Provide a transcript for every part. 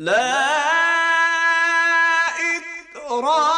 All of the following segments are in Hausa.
لا إكراه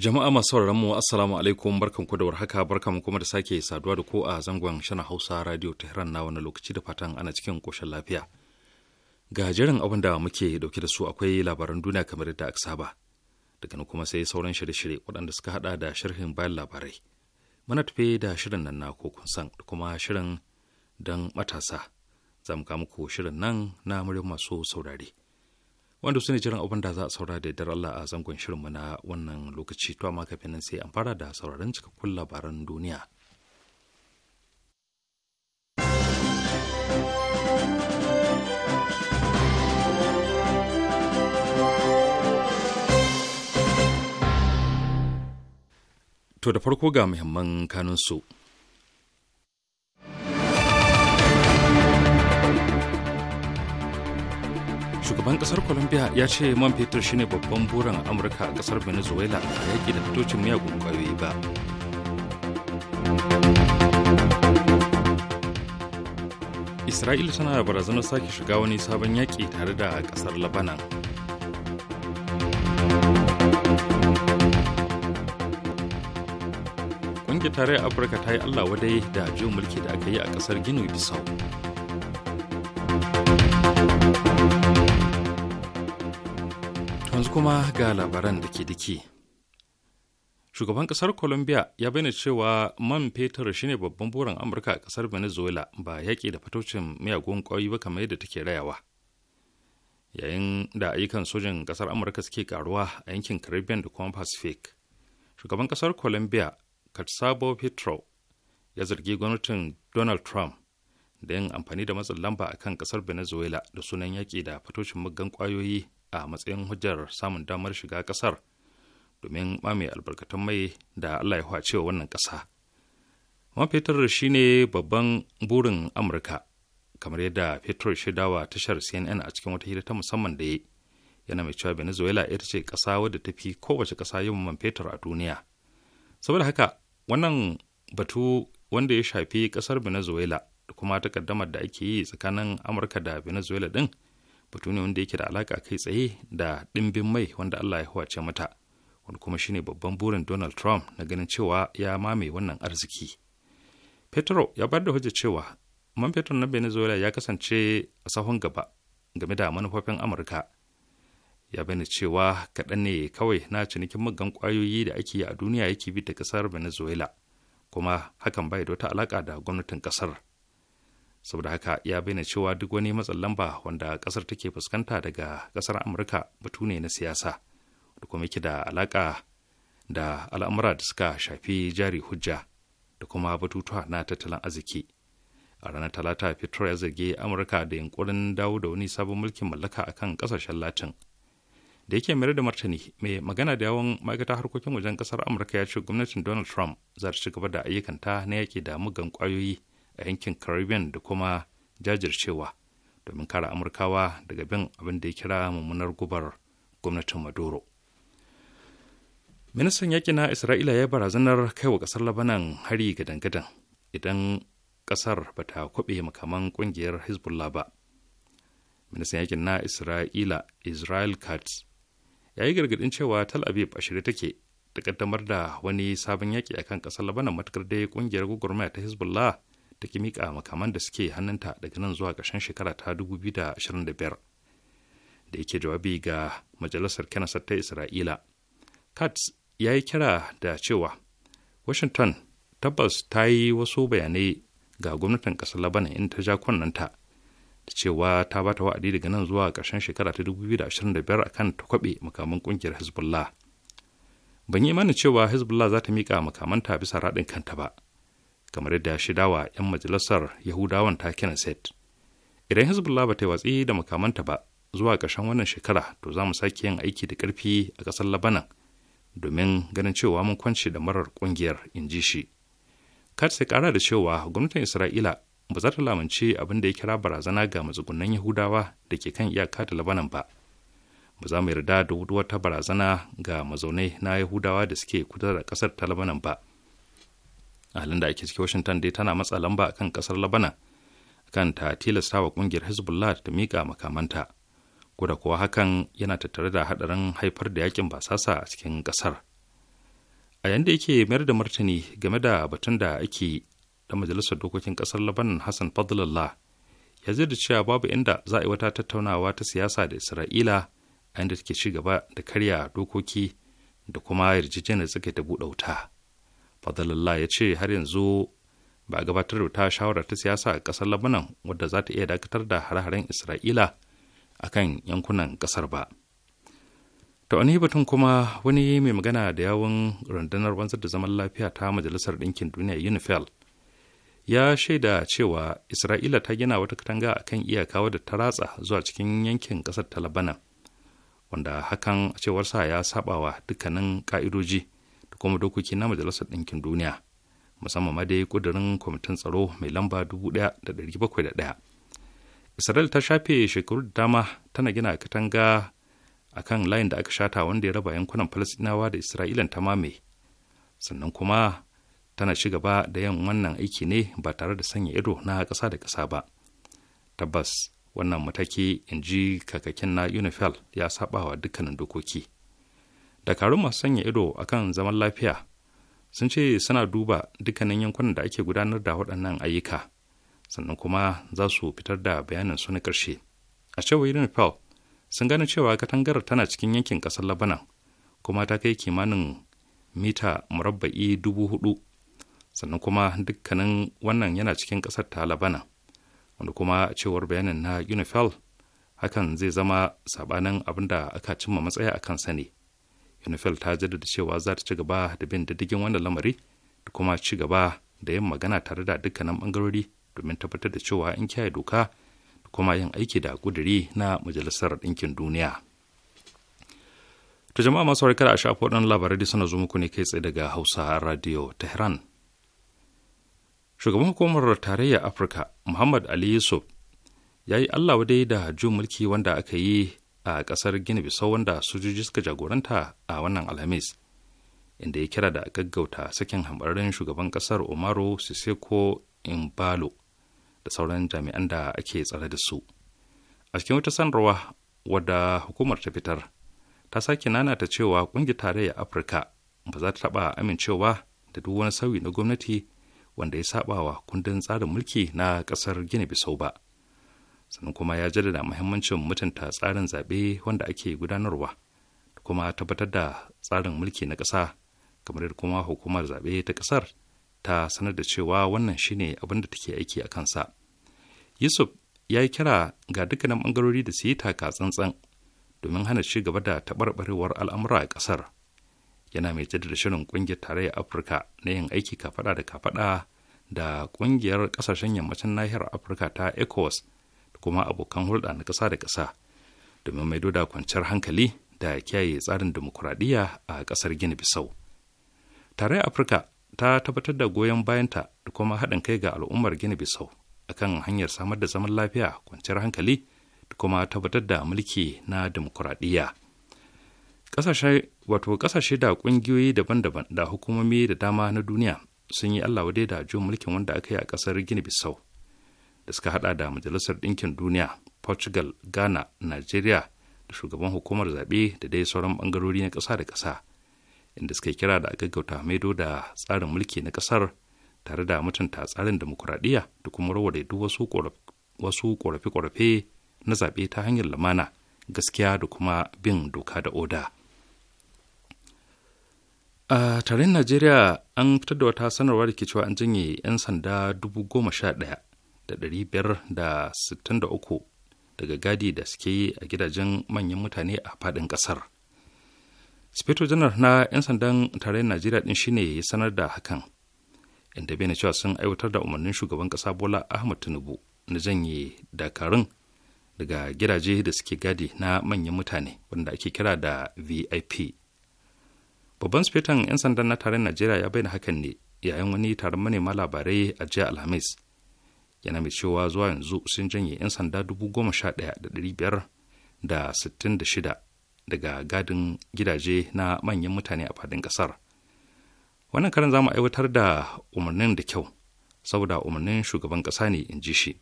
Jama'a masu sauraron mu assalamu alaikum barkan ku da warhaka barkan kuma da sake saduwa da ku a zangon shana Hausa Radio Tehran na wani lokaci da fatan ana cikin koshin lafiya. Ga jerin abin da muke dauke da su akwai labaran duniya kamar yadda aka saba. Daga nan kuma sai sauran shirye-shirye waɗanda suka hada da sharhin bayan labarai. Muna tafe da shirin nan na kokun san da kuma shirin dan matasa. Za mu muku shirin nan na muryar masu saurare. wanda su ne jiran abin da za a saura da dar Allah a zangon shirinmu na wannan lokaci to amma kafin nan sai an fara da sauraron cikakkun labaran duniya. To da farko ga muhimman kanunsu. su. shugaban kasar colombia ya ce man fetur shine babban buran amurka a kasar venezuela a yaƙi da fitocin miyagun ƙwayoyi ba isra'ila tana da barazanar sake shiga wani sabon yaƙi tare da kasar labanan ƙungiyar tarayyar afirka ta yi allah wadai da juyin mulki da aka yi a kasar gini bisau kuma ga labaran da ke diki. Shugaban kasar Colombia ya bayyana cewa man fetur shine babban buran Amurka a kasar Venezuela ba yaƙi da fatocin miyagun ƙwayoyi ba kamar yadda take rayawa. Yayin da ayyukan sojin kasar Amurka suke karuwa a yankin Caribbean da kuma Pacific. Shugaban kasar Colombia, Katsabo Petro, ya zargi gwamnatin Donald Trump da yin amfani da matsin lamba a kan kasar Venezuela da sunan yaƙi da fatocin muggan kwayoyi. a matsayin hujjar samun damar shiga ƙasar domin mamaye albarkatun mai da Allah ya wa wannan ƙasa. Man fetur shi ne babban burin Amurka, kamar yadda fetur dawa tashar CNN a cikin wata hira ta musamman da ya yana mai cewa Venezuela ita ce ƙasa wadda ta fi kowace ƙasa yin man fetur a duniya. Saboda haka, wannan batu wanda ya shafi ƙasar Venezuela da kuma takaddamar da ake yi tsakanin Amurka da Venezuela ɗin batu ne wanda yake da alaka kai tsaye da dimbin mai wanda Allah ya huwace mata wanda kuma shine babban burin Donald Trump na ganin cewa ya mame wannan arziki. Petro ya bar da hujja cewa man fetur na Venezuela ya kasance a sahun gaba game da manufofin Amurka. Ya bani cewa kaɗan ne kawai na cinikin muggan kwayoyi da ake yi a duniya yake bi da ƙasar Venezuela, kuma hakan bai da wata alaƙa da gwamnatin ƙasar. saboda haka ya bayyana cewa duk wani matsin lamba wanda kasar take fuskanta daga kasar amurka batu ne na siyasa da kuma yake da alaka da al'amura da suka shafi jari hujja da kuma batutuwa na tattalin arziki a ranar talata fitro ya zarge amurka da yunkurin dawo da wani sabon mulkin mallaka a kan kasashen latin da yake mayar da martani mai magana da yawon ma'aikatar harkokin wajen kasar amurka ya ce gwamnatin donald trump za ta ci gaba da ayyukanta na yaƙi da mugan kwayoyi. a yankin caribbean da kuma jajircewa domin kare amurkawa daga bin abin da ya kira mummunar gubar gwamnatin maduro ministan yaƙi na isra'ila ya barazanar kai wa ƙasar labanan hari gadan-gadan idan ƙasar ba ta kwaɓe makaman ƙungiyar hezbollah ba ministan yaƙin na isra'ila israel katz ya yi gargaɗin cewa tal aviv a shirye take da ƙaddamar da wani sabon yaƙi akan ƙasar labanan matukar dai ƙungiyar gwagwarmaya ta hezbollah ta ki mika makaman da suke hannunta daga nan zuwa ƙarshen shekara ta 2025 da yake jawabi ga majalisar kenasar ta isra'ila katz ya yi kira da cewa washington tabbas ta yi wasu bayanai ga gwamnatin ƙasar labanan in ta ja kunnanta da cewa ta ba ta wa'adi daga nan zuwa ƙarshen shekara ta 2025 akan ta kwaɓe makaman ƙungiyar hezbollah ban yi imanin cewa hezbollah za ta mika makamanta bisa raɗin kanta ba kamar yadda wa 'yan majalisar yahudawan ta set idan hezbollah ba ta watsi da makamanta ba zuwa ƙarshen wannan shekara to za mu sake yin aiki da ƙarfi a ƙasar labanan domin ganin cewa mun kwance da marar ƙungiyar in ji shi kar sai ƙara da cewa gwamnatin isra'ila ba za ta lamunci abin da ya kira barazana ga matsugunan yahudawa da ke kan iyaka da labanan ba ba za mu yarda da wata barazana ga mazaunai na yahudawa da suke kudu da ƙasar ta labanan ba a halin da ake ciki washington dai tana matsa lamba a kan kasar labanan kan ta tilasta wa kungiyar hezbollah ta miƙa makamanta ko da kuwa hakan yana tattare da haɗarin haifar da yakin basasa a cikin ƙasar. a yanda yake mayar da martani game da batun da ake da majalisar dokokin kasar labanan hassan fadlallah ya zai da cewa babu inda za a yi wata tattaunawa ta siyasa da isra'ila a da take ci gaba da karya dokoki da kuma yarjejeniyar tsakai ta buɗe wuta fadalallah ya ce har yanzu ba a gabatar da ta shawarar ta siyasa a ƙasar labanan wadda za ta iya dakatar da hare-haren isra'ila a kan yankunan ƙasar ba ta wani batun kuma wani mai magana da yawon rundunar wanzar da zaman lafiya ta majalisar ɗinkin duniya unifel ya shaida cewa isra'ila ta gina wata katanga a kan iyaka wadda ta ratsa zuwa cikin yankin ƙasar ta labanan wanda hakan a cewarsa ya sabawa dukkanin ka'idoji. kuma dokoki na majalisar ɗinkin duniya musamman ma dai ƙudurin kwamitin tsaro mai lamba dubu ɗaya da da bakwai ɗaya israel ta shafe shekaru da dama tana gina katanga a kan layin da aka shata wanda ya raba yankunan falasinawa da isra'ilan ta mame sannan kuma tana ci gaba da yin wannan aiki ne ba tare da sanya ido na ƙasa da ƙasa ba tabbas wannan mataki in ji kakakin na unifel ya saba wa dukkanin dokoki dakarun masu sanya ido akan zaman lafiya sun ce suna duba dukkanin yankunan da ake gudanar da waɗannan ayyuka sannan kuma za su fitar da bayanin su na ƙarshe a cewar unifel sun gane cewa katangar tana cikin yankin ƙasar labanan kuma ta kai kimanin mita murabba'i dubu hudu sannan kuma dukkanin wannan yana cikin ƙasar ta labanan wanda kuma cewar bayanin na unifel hakan zai zama sabanin abin da aka cimma matsaya a kansa ne unifil ta jaddada cewa za ta ci gaba da bin diddigin wannan lamari da kuma ci gaba da yin magana tare da dukkanin bangarori domin tabbatar da cewa an kiyaye doka da kuma yin aiki da kuduri na majalisar ɗinkin duniya ta jama'a masu harkar a shafi labarai da suna zo muku ne kai tsaye daga hausa radio tehran shugaban hukumar tarayyar afirka muhammad ali yusuf ya yi allah wadai da jun mulki wanda aka yi a kasar gini bisau wanda sojoji suka jagoranta a wannan alhamis inda ya kira da gaggauta sakin hambararren shugaban kasar umaru siseko imbalo da sauran jami'an da ake tsare da su a cikin wata sanarwa wadda hukumar ta fitar ta sake nanata cewa kungiyar tarayyar afirka ba za ta taɓa amincewa da duk wani sauyi na gwamnati wanda ya saba wa kundin tsarin mulki na ƙasar gina bisau ba sannan kuma ya jaddada muhimmancin mutunta tsarin zaɓe wanda ake gudanarwa da kuma tabbatar da tsarin mulki na ƙasa kamar yadda kuma hukumar zaɓe ta ƙasar ta sanar da cewa wannan shine abin da take aiki a kansa yusuf ya yi kira ga dukkanin bangarori da su yi taka tsantsan domin hana ci gaba da taɓarɓarewar al'amura a ƙasar yana mai jaddada shirin ƙungiyar tarayyar afirka na yin aiki kafaɗa da kafaɗa da ƙungiyar ƙasashen yammacin nahiyar afirka ta ecowas kuma abokan hulɗa na ƙasa da ƙasa domin maido da kwanciyar hankali da kiyaye tsarin dimokuraɗiyya a ƙasar gini bisau tarayyar afirka ta tabbatar da goyon bayanta da kuma haɗin kai ga al'ummar gini bisau akan hanyar samar da zaman lafiya kwanciyar hankali da kuma tabbatar da mulki na dimokuraɗiyya ƙasashe wato ƙasashe da ƙungiyoyi daban-daban da hukumomi da dama na duniya sun yi allah wadai da juyin mulkin wanda aka yi a ƙasar gini bisau da suka hada da majalisar ɗinkin duniya portugal ghana nigeria da shugaban hukumar zaɓe da dai sauran ɓangarori na ƙasa da ƙasa inda suka kira da a gaggauta maido da tsarin mulki na ƙasar tare da mutunta tsarin demokuraɗiyya da kuma warware duk wasu ƙorafe-ƙorafe na zaɓe ta hanyar lamana gaskiya da kuma bin doka da oda. a tarin najeriya an fitar da wata sanarwa da cewa an janye 'yan sanda dubu uku daga gadi da suke yi a gidajen manyan mutane a faɗin ƙasar. Sifeto janar na 'yan sandan tarayyar Najeriya din shine ya sanar da hakan, inda bai cewa sun aiwatar da umarnin shugaban ƙasa Bola Ahmad Tinubu na janye dakarun daga gidaje da suke gadi na manyan mutane wanda ake kira da VIP. Babban sifetan 'yan sandan na tarayyar Najeriya ya bayyana hakan ne yayin wani taron manema labarai a jiya Alhamis. yana mai cewa zuwa yanzu sun janye 'yan sanda dubu goma sha da da da biyar sittin shida daga gadin gidaje na manyan mutane a fadin kasar wannan karin zamu aiwatar da umarnin da kyau saboda umarnin shugaban kasa ne in ji shi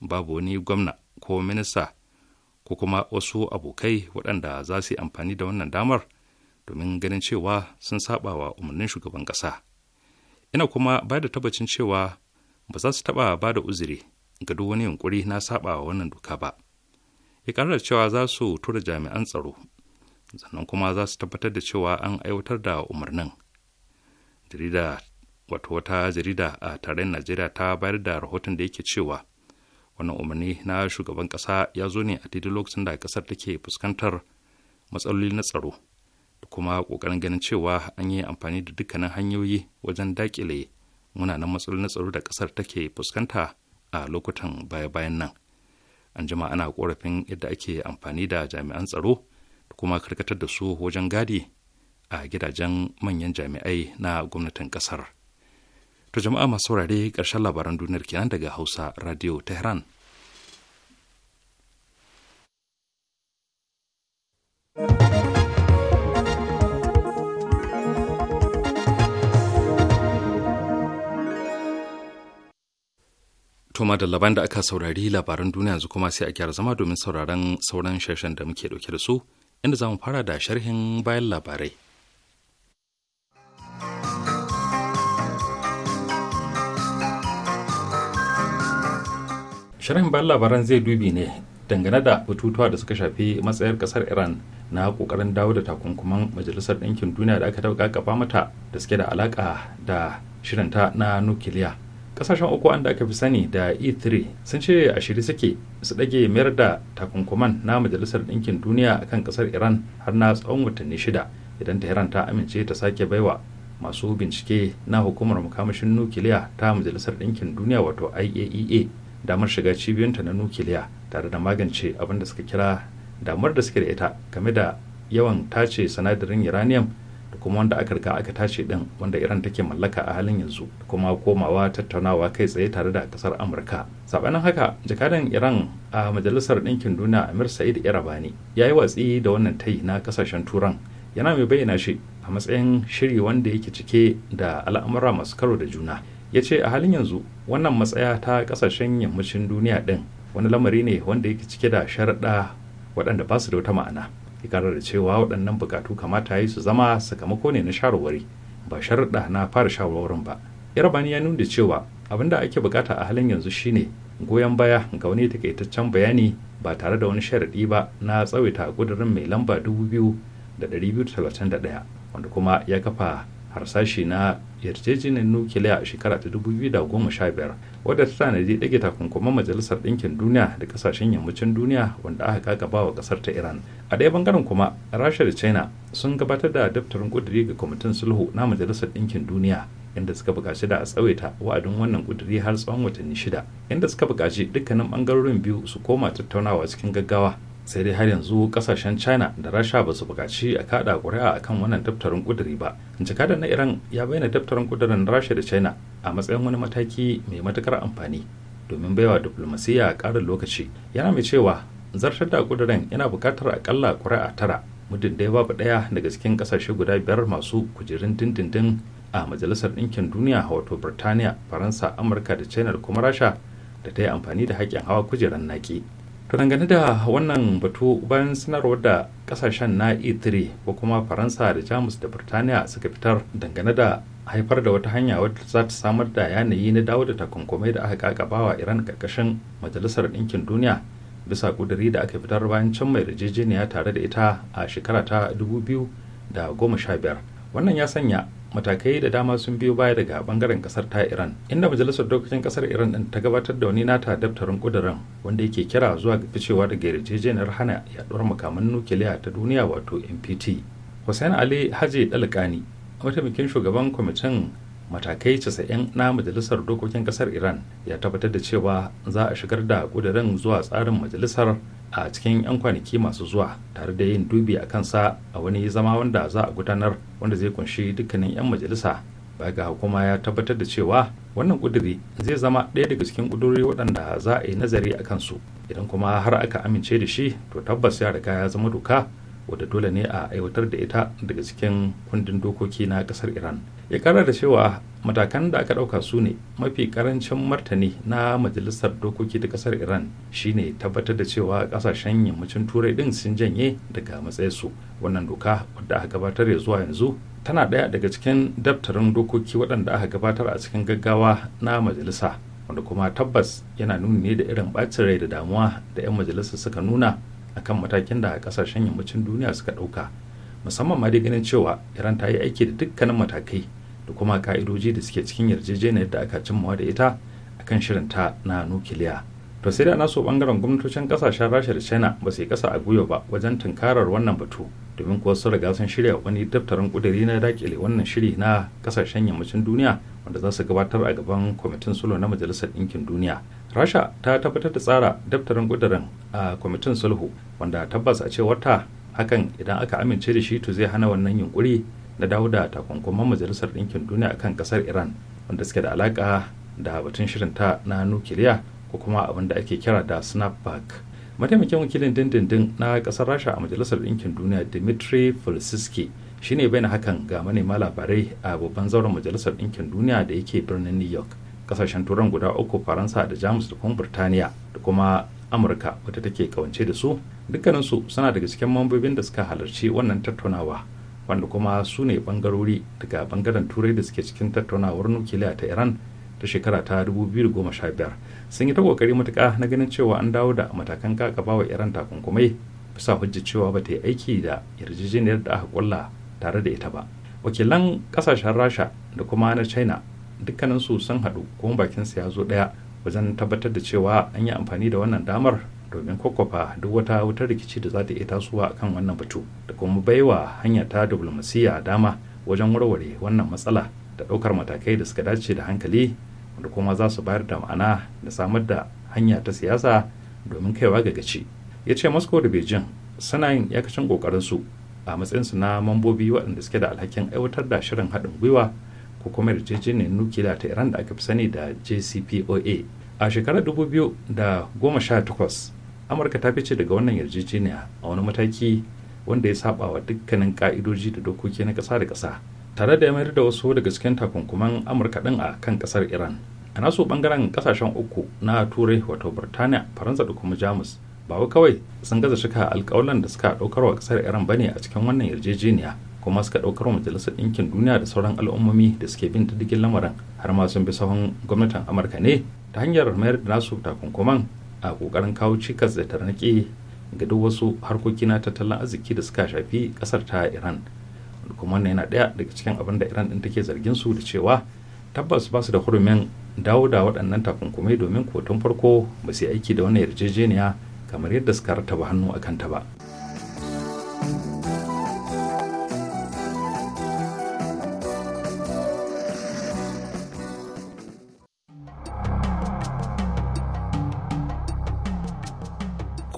babu wani gwamna ko minista ko kuma wasu abokai waɗanda za su yi amfani da wannan damar domin ganin cewa sun saba wa umarnin shugaban kasa ina kuma ba da tabbacin cewa ba za su taɓa ba da uzuri ga duk wani yunkuri na saba wa wannan doka ba ya ƙarar cewa za su tura jami'an tsaro sannan kuma za su tabbatar da cewa an aiwatar da umarnin jarida wato wata jarida a tarayyar najeriya ta bayar da rahoton da yake cewa wannan umarni na shugaban ƙasa ya zo ne a daidai lokacin da ƙasar take fuskantar matsaloli na tsaro da kuma ƙoƙarin ganin cewa an yi amfani da dukkanin hanyoyi wajen daƙile muna munanan matsalolin tsaro da ƙasar take fuskanta a lokutan baya-bayan nan an jima ana korafin yadda ake amfani da jami'an tsaro da kuma karkatar da su wajen gadi a gidajen manyan jami'ai na gwamnatin kasar to jama'a masu saurare ƙarshen labaran duniyar kenan daga hausa radio tehran thank To da Laban da aka saurari labaran duniya yanzu kuma sai a gyara zama domin sauraron sauran sharshen da muke dauke da su inda za mu fara da sharhin bayan labarai. Sharhin bayan labaran zai dubi ne dangane da batutuwa da suka shafi matsayar kasar Iran na kokarin dawo da takunkuman majalisar ɗinkin duniya da aka dauka gaba mata da suke da alaka da shirinta na nukiliya. kasashen uku wanda aka fi sani da e3 sun ce a shiri suke su ɗage mayar da takunkuman na majalisar ɗinkin duniya akan ƙasar iran har na tsawon watanni shida idan tehran ta amince ta sake baiwa masu bincike na hukumar makamashin nukiliya ta majalisar ɗinkin duniya wato iaea e damar shiga cibiyunta na nukiliya tare da magance abin da suka kira damar da suke da ita game da yawan tace sinadarin uranium kuma wanda aka riga aka tashi din wanda iran take mallaka a halin yanzu kuma komawa tattaunawa kai tsaye tare da kasar amurka sabanin haka jakadan iran a majalisar ɗinkin duniya amir sa'id irabani ya yi watsi da wannan tayi na kasashen turan yana mai bayyana shi a matsayin shiri wanda yake cike da al'amura masu karo da juna ya ce a halin yanzu wannan matsaya ta kasashen yammacin duniya din wani lamari ne wanda yake cike da sharaɗa waɗanda ba su da wata ma'ana ya da cewa waɗannan bukatu kamata ya yi su zama sakamako ne na shawarwari ba sharuɗa na fara shawarwarin ba bani ya nuna cewa abin da ake bukata a halin yanzu shine goyon baya ga wani takaitaccen bayani ba tare da wani sharaɗi ba na tsawaita ƙudurin mai lamba da da ɗari biyu 2231 wanda kuma ya kafa harsashi na yarjejeniyar nukiliya a shekara ta 2015 wadda ta tanadi ɗage takunkuman majalisar ɗinkin duniya da ƙasashen yammacin duniya wanda aka kakaba wa ƙasar ta iran a ɗaya bangaren kuma rasha da china sun gabatar da daftarin ƙuduri ga kwamitin sulhu na majalisar ɗinkin duniya inda suka buƙaci da a tsawaita wa'adin wannan ƙuduri har tsawon watanni shida inda suka buƙaci dukkanin ɓangarorin biyu su koma tattaunawa cikin gaggawa sai dai har yanzu kasashen china da rasha ba su bukaci a kada kuri'a akan wannan daftarin kuduri ba jakadan na iran ya bayyana daftarin kudurin rasha da china a matsayin wani mataki mai matukar amfani domin baiwa a ƙarin lokaci yana mai cewa zartar da kudirin yana buƙatar akalla ƙuri'a tara muddin dai babu ɗaya daga cikin ƙasashe guda biyar masu kujerun dindindin a majalisar ɗinkin duniya wato birtaniya faransa amurka da china da kuma rasha da ta yi amfani da haƙƙin hawa kujeran naƙi to dangane da wannan batu bayan sanarwar da ƙasashen na e3 ko kuma faransa da jamus da birtaniya suka fitar dangane da haifar da wata hanya wadda za ta samar da yanayi na dawo da takunkumai da aka kakabawa iran karkashin majalisar ɗinkin duniya bisa kuduri da aka fitar bayan can mai yarjejeniya tare da ita a shekara ta 2015 wannan ya sanya matakai da dama sun biyo baya daga bangaren kasar ta iran inda majalisar dokokin kasar iran din ta gabatar da wani nata daftarin kudurin wanda yake kira zuwa ga ficewa daga yarjejeniyar hana yaduwar makaman nukiliya ta duniya wato mpt hussein ali haji dalkani mataimakin shugaban kwamitin matakai 90 na majalisar dokokin kasar iran ya tabbatar da cewa za a shigar da kudirin zuwa tsarin majalisar a cikin 'yan kwanaki masu zuwa tare da yin dubi a kansa a wani zama wanda za a gudanar wanda zai kunshi dukkanin 'yan majalisa baya ga hukuma ya tabbatar da cewa wannan kuduri zai zama ɗaya daga cikin kuduri waɗanda za a yi nazari a kansu idan kuma har aka amince da shi to tabbas ya riga ya zama doka wadda dole ne a aiwatar da ita daga cikin kundin dokoki na kasar iran ya kara da cewa matakan da aka dauka su ne mafi karancin martani na majalisar dokoki ta kasar iran shine tabbatar da cewa kasashen yammacin turai din sun janye daga matsayinsu wannan doka wadda aka gabatar ya zuwa yanzu tana daya daga cikin daftarin dokoki waɗanda aka gabatar a cikin gaggawa na majalisa wanda kuma tabbas yana nuni ne da irin bacin rai da damuwa da 'yan majalisa suka nuna akan matakin da kasashen yammacin duniya suka ɗauka musamman ma dai ganin cewa iran ta yi aiki da dukkanin matakai da kuma ka'idoji da suke cikin yarjejeniyar da aka cimmawa da ita akan shirin ta na nukiliya to sai da so bangaren gwamnatocin kasashen rasha da china ba su yi kasa a gwiwa ba wajen tunkarar wannan batu domin kuwa sun riga sun shirya wani daftarin kudiri na dakile wannan shiri na kasashen yammacin duniya wanda za su gabatar a gaban kwamitin sulo na majalisar ɗinkin duniya rasha ta tabbatar da tsara daftarin ƙudurin a kwamitin sulhu wanda tabbas a cewar ta hakan idan aka amince da shi to zai hana wannan yunkuri na dawo da takunkuman majalisar ɗinkin duniya akan ƙasar iran wanda suke da alaƙa da batun shirin ta na nukiliya ko kuma abin da ake kira da snapback mataimakin wakilin dindindin na ƙasar rasha a majalisar ɗinkin duniya dimitri fulsiski shine na hakan ga manema labarai a babban zauren majalisar ɗinkin duniya da yake birnin new york kasashen turan guda uku faransa da jamus da kuma burtaniya da kuma amurka wata take kawance da su dukkaninsu suna daga cikin mambobin da suka halarci wannan tattaunawa wanda kuma su ne bangarori daga bangaren turai da suke cikin tattaunawar nukiliya ta iran ta shekara ta 2015 sun yi ta kokari matuka na ganin cewa an dawo da matakan kakaba wa iran takunkumai bisa hujjar cewa ba ta yi aiki da yarjejeniyar da aka kulla tare da ita ba wakilan kasashen rasha da kuma na china su sun haɗu kuma bakin ya zo ɗaya wajen tabbatar da cewa an yi amfani da wannan damar domin kwakwafa duk wata wutar rikici da za ta iya tasowa akan wannan batu da kuma baiwa hanya ta diflomasiyya dama wajen warware wannan matsala da ɗaukar matakai da suka dace da hankali da kuma za su bayar da ma'ana da samar da hanya ta siyasa domin kaiwa ga gaci ya ce moscow da beijing suna yin yakacin kokarin su a matsayin su na mambobi waɗanda suke da alhakin aiwatar da shirin haɗin gwiwa ko kuma yarjejeniyar nukiliya ta iran da aka fi sani da jcpoa a shekarar takwas amurka ta fice daga wannan yarjejeniya a wani mataki wanda ya saba wa dukkanin ka'idoji da dokoki na kasa da kasa. tare da ya mayar da wasu daga cikin takunkuman amurka din a kan kasar iran a naso bangaren kasashen uku na turai wato birtaniya faransa da kuma jamus ba kawai sun gaza shika alkawalan da suka daukar wa kasar iran bane a cikin wannan yarjejeniya kuma suka ɗaukar wa majalisar ɗinkin duniya da sauran al'ummomi da suke bin diddigin lamarin har ma sun bi sahun gwamnatin amurka ne ta hanyar mayar da nasu takunkuman a ƙoƙarin kawo cikas da tarnaƙi ga duk wasu harkoki na tattalin arziki da suka shafi ƙasar ta iran kuma wannan yana ɗaya daga cikin abin da iran ɗin take zargin su da cewa tabbas ba su da hurumin dawo da waɗannan takunkumai domin kotun farko ba su yi aiki da wani yarjejeniya kamar yadda suka rataba hannu a kanta ba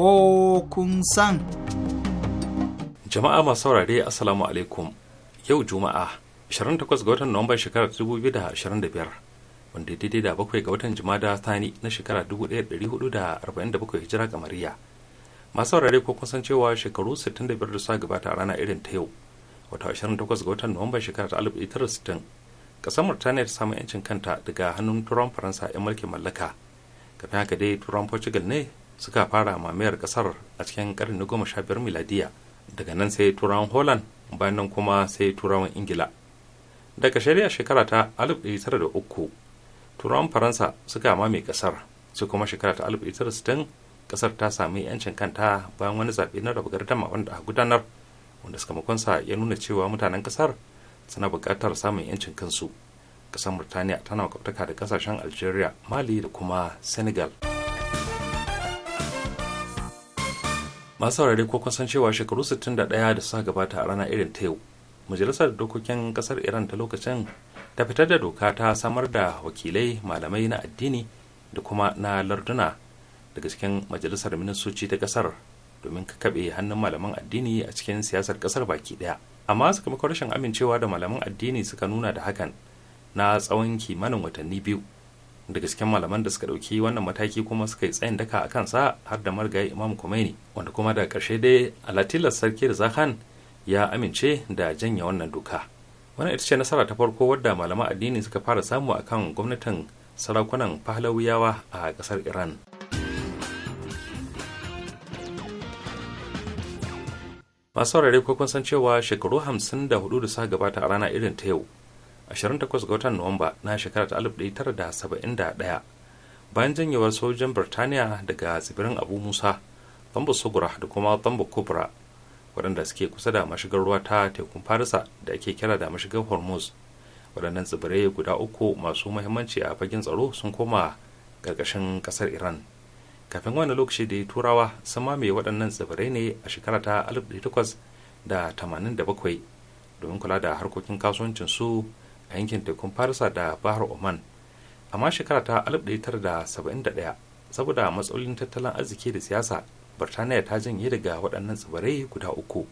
ko kun san. Jama'a masu saurare Assalamu alaikum yau Juma'a 28 ga watan Nuwamban shekarar 2025 wanda daidai da bakwai ga watan Jumada Thani na shekara 1447 hijira kamariya. Masu saurare ko kun san cewa shekaru 65 da sa gabata a rana irin ta yau wata 28 ga watan Nuwamban shekarar 1960 kasar Murtaniya ta samu 'yancin kanta daga hannun turan Faransa 'yan mulkin mallaka. Kafin haka dai turan Portugal ne suka fara mamayar kasar a cikin karni na goma sha biyar miladiya daga nan sai turawan holland bayan nan kuma sai turawan ingila daga shari'a shekara ta uku turawan faransa suka mame kasar sai kuma shekara ta 1960 kasar ta sami yancin kanta bayan wani zaɓe na raba gardama wanda aka gudanar wanda sakamakonsa ya nuna cewa mutanen kasar suna buƙatar samun yancin kansu kasar murtaniya tana kwaftaka da kasashen algeria mali da kuma senegal masu saurare ko kun san cewa shekaru 61 da suka gabata a rana irin ta yau majalisar dokokin kasar iran ta lokacin ta fitar da doka ta samar da wakilai malamai na addini da kuma na larduna daga cikin majalisar ministoci ta kasar domin ka kaɓe hannun malaman addini a cikin siyasar kasar baki ɗaya amma sakamakon rashin amincewa da malaman addini suka nuna da hakan na tsawon kimanin watanni biyu da gasken malaman da suka dauki wannan mataki kuma suka yi tsayin daka a kansa har da margayi imam Khomeini wanda kuma da karshe dai alatila sarki da zakan ya amince da janya wannan doka wannan ita ce nasara ta farko wadda malaman addini suka fara samu akan gwamnatin sarakunan pahlawiyawa a kasar iran masu saurari ko kun san cewa shekaru 54 da suka gabata a rana irin ta yau 28 ga watan nuwamba na shekarar 1971 bayan janyewar sojojin birtaniya daga tsibirin abu musa bambu sugura da kuma bambu kubra waɗanda suke kusa da mashigar ruwa ta tekun farisa da ake kira da mashigar hormuz waɗannan tsibirai guda uku masu muhimmanci a fagen tsaro sun koma ƙarƙashin ƙasar iran kafin wani lokaci da turawa sun mamaye waɗannan tsibirai ne a shekara ta 1887 domin kula da harkokin kasuwancin su a yankin tekun farisa da bahar oman amma shekara ta 1971 saboda matsalolin tattalin arziki da siyasa birtaniya ta janye daga waɗannan tsibirai guda uku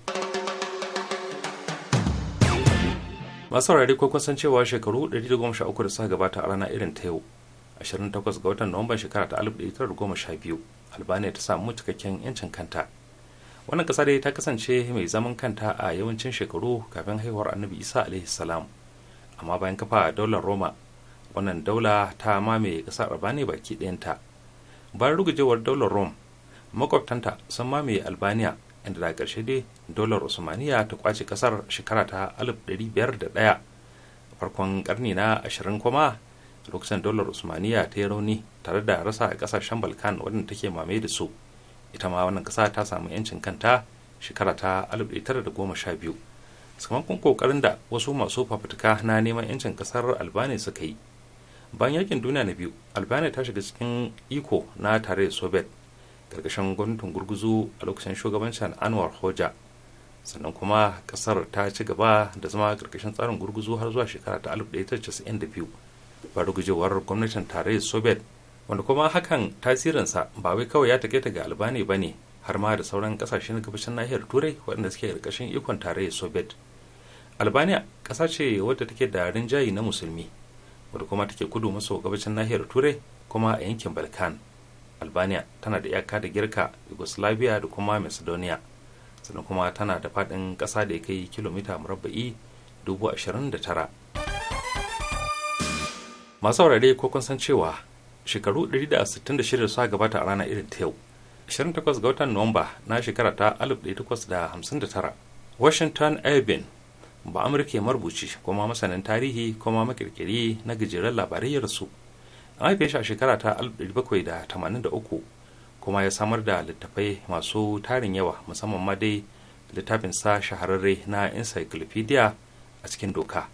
masu saurari ko kusan cewa shekaru 113 da suka gabata a rana irin ta yau 28 ga watan nuwamban shekara ta 1912 albania ta samu cikakken yancin kanta wannan kasa dai ta kasance mai zaman kanta a yawancin shekaru kafin haihuwar annabi isa alaihi salam amma bayan kafa daular roma wannan daula ta mamaye ƙasar albania baki ɗayanta bayan rugujewar daular rome makwabtanta sun mamaye albania inda da ƙarshe dai daular usmaniya ta kwace ƙasar shekara ta 1501 farkon karni na 20 kuma lokacin daular usmaniya ta yi rauni tare da rasa ƙasashen balkan wadanda take mame da su ita ma wannan ƙasa ta samu 'yancin kanta shekara ta 1912 sakamakon kokarin da wasu masu fafutuka na neman yancin kasar albani suka yi bayan yakin duniya na biyu albani ta shiga cikin iko na tare da soviet karkashin gwamnatin gurguzu a lokacin shugabancin anwar hoja sannan kuma kasar ta ci gaba da zama karkashin tsarin gurguzu har zuwa shekara ta 1992 ba gujewar gwamnatin tare da soviet wanda kuma hakan tasirinsa ba wai kawai ya take ta ga albani ba ne har ma da sauran kasashen gabashin nahiyar turai waɗanda suke karkashin ikon tare da soviet albania ƙasa ce wadda take da rinjayi na musulmi wadda kuma take kudu maso gabacin nahiyar turai kuma a yankin balkan albania tana da iyaka da girka yugoslavia da kuma macedonia sannan kuma tana da faɗin ƙasa da ya kai kilomita murabba'i da tara masu saurare ko kun san cewa shekaru 166 suka gabata a ranar irin ta yau 28 ga watan nuwamba na shekara ta 1859 washington irving ba amurka marubuci kuma masanin tarihi kuma makirkiri na gajeren labarai ya rasu an haife shi a shekara ta 1783 kuma ya samar da littafai masu tarin yawa musamman ma dai littafin sa shahararre na encyclopedia a cikin doka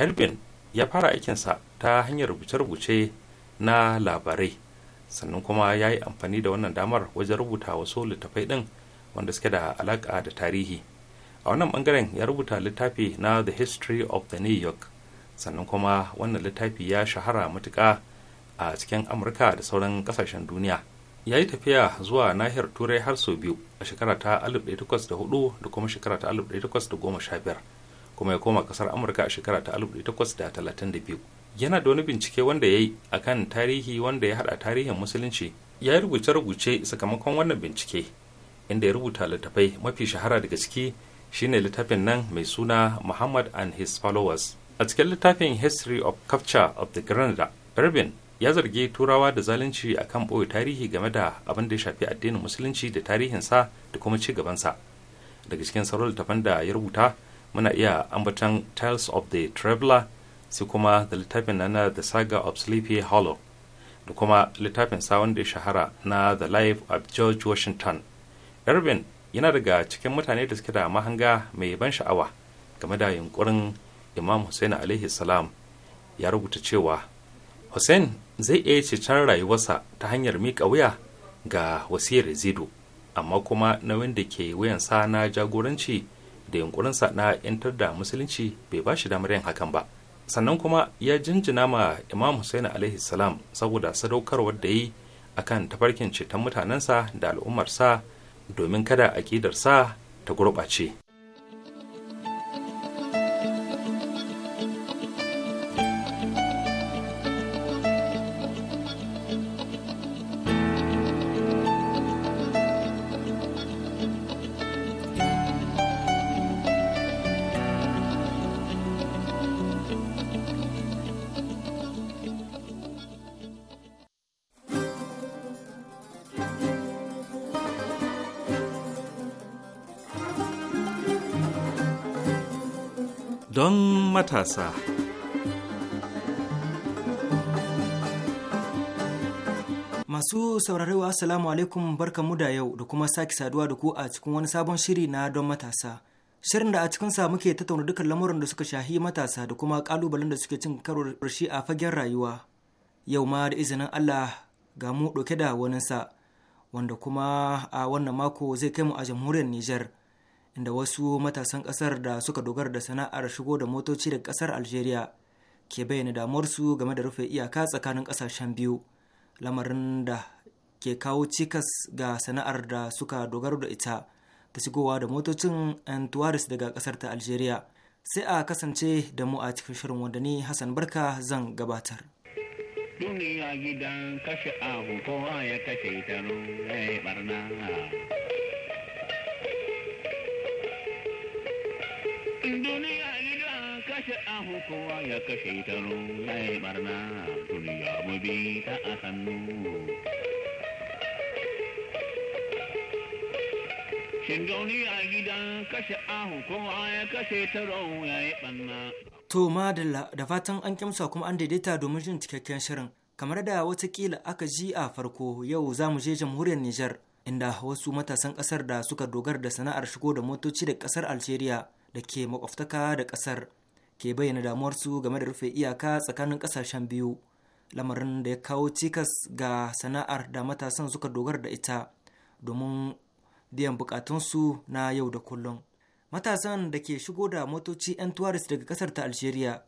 elbin ya fara aikinsa ta hanyar rubuce-rubuce na labarai sannan kuma ya yi amfani da wannan damar wajen rubuta wasu littafai din wanda suke da alaƙa da tarihi a wannan bangaren ya rubuta littafi na the history of the new york sannan kuma wannan littafi ya shahara matuka a cikin amurka da sauran kasashen duniya ya yi tafiya zuwa nahiyar turai har sau biyu a shekara ta 1804 da kuma shekara ta 1815 kuma ya koma kasar amurka a shekara ta 1832 yana da wani bincike wanda ya yi a kan tarihi wanda ya hada tarihin musulunci ya yi rubuce-rubuce sakamakon wannan bincike inda ya rubuta littafai mafi shahara daga ciki. shine littafin nan mai suna Muhammad and His Followers. A cikin littafin History of Capture of the Granada, Irvin ya zargi turawa da zalunci a kan ɓoye tarihi game da abin da ya shafi addinin musulunci da tarihinsa da kuma ci gabansa. Daga cikin sauran littafan da ya rubuta muna iya ambatan Tales of the Traveler sai kuma da littafin na The Saga of Sleepy Hollow da kuma littafin sa wanda ya shahara na The Life of George Washington. Irvin yana daga cikin mutane da suke da mahanga mai ban sha'awa game da yunkurin imam hussein alaihi salam ya rubuta cewa hussein zai iya ceton rayuwarsa ta hanyar miƙa wuya ga wasiyar zido amma kuma nauyin da ke wuyansa na jagoranci da yunkurinsa na 'yantar da musulunci bai ba shi damar yin hakan ba sannan kuma ya jinjina ma imam hussein alaihi salam saboda sadaukarwar da yi akan tafarkin ceton mutanensa da al'ummarsa domin kada aƙidarsa ta gurɓace. Masu saurarewa Assalamu alaikum barkanmu da yau da kuma sake saduwa da ku a cikin wani sabon shiri na don matasa. Shirin da a cikinsa muke tattauna dukkan lamurin da suka shahi matasa da kuma kalubalen da suke cin karo shi a fagen rayuwa. Yau ma da izinin Allah ga mu ɗauke da waninsa wanda kuma a wannan mako zai kai mu a jamhuriyar Nijar. inda wasu matasan ƙasar da suka dogara da sana'ar shigo da motoci daga ƙasar algeria ke bayyana damuwarsu game da rufe iyaka tsakanin ƙasashen biyu lamarin da ke kawo cikas ga sana'ar da suka dogaro da ita ta shigowa da motocin 'yan tuwaris daga kasar ta algeria sai a kasance da mu a cikin shirin wanda ni hassan barka zan gabatar duniya gidan kashe abu kowa ya kashe ita barna duniya gida kashe ahu kowa ya kashe ta ya yi barna duniya mu bi ta a sannu shin duniya gida kashe ahu kowa ya kashe ta ya yi barna to madalla da fatan an kimsa kuma an daidaita domin jin cikakken shirin kamar da watakila aka ji a farko yau za mu je jamhuriyar Nijar inda wasu matasan kasar da suka dogara da sana'ar shigo da motoci da kasar Algeria da ke makwabtaka da ƙasar ke bayyana damuwarsu game da rufe iyaka tsakanin ƙasashen biyu lamarin da ya kawo cikas ga sana'ar da matasan suka dogara da ita domin biyan bukatunsu na yau da kullum matasan da ke shigo da motoci 'yan tuwaris daga kasar ta algeria